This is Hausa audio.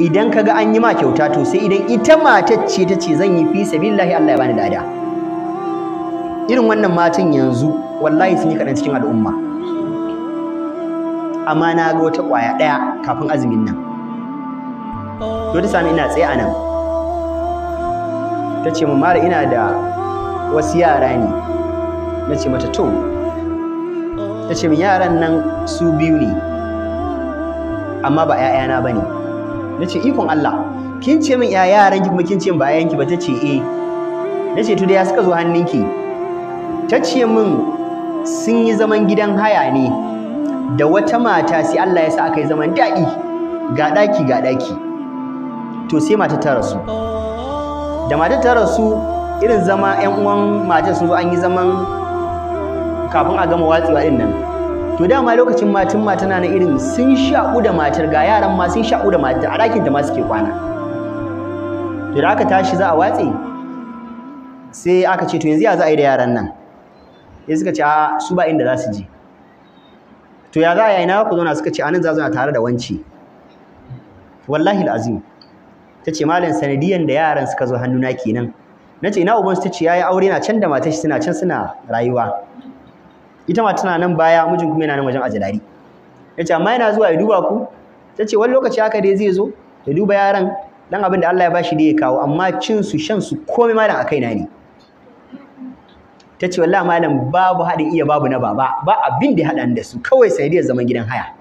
idan kaga an yi ma kyauta to sai idan ita matar ce ta ce zan yi fi sabilillahi Allah ya bani lada irin wannan matan yanzu wallahi sun yi kaɗan cikin al'umma amma na ga wata ƙwaya ɗaya kafin azumin nan to ta sami ina tsaye a ta ce mara ina da wasu yara ne na ce mata to ta ce yaran nan su biyu ne amma ba 'ya'yana ba ne Na ce, ikon Allah kin ce min ya yaran ki kuma kin ce ba bayan ki ba ta ce eh ce to da ya suka zo hannunki ce min sun yi zaman gidan haya ne da wata mata sai Allah ya sa aka yi zaman daɗi ga ɗaki ga ɗaki to sai mata ta rasu da mata ta rasu irin zama 'yan uwan mata sun zo an yi zaman kafin a gama watsewa ɗin nan to dama lokacin matan mata na irin sun sha'u da matar ga yaran ma sun sha'u da matar a ɗakin da ma suke kwana to da aka tashi za a watse sai aka ce to yanzu ya za a yi da yaran nan ya suka ce a su ba inda za su je to ya za a yi na ku zauna suka ce anan za zauna tare da wanci wallahi alazim ta ce malam sanadiyan da yaran suka zo hannuna kenan na ce ina uban su ta ce ya yi aure na can da matar shi suna can suna rayuwa ita ma tana nan baya mijin kuma yana nan wajen ajalari yace amma yana zuwa ya duba ku tace wani lokaci haka dai zai zo ya duba yaran dan abin da Allah ya bashi dai ya kawo amma cin su shan su komai malam akai na ne tace wallahi malam babu hadin iya babu na baba ba abin da ya haɗa da su kawai sai dai zaman gidan haya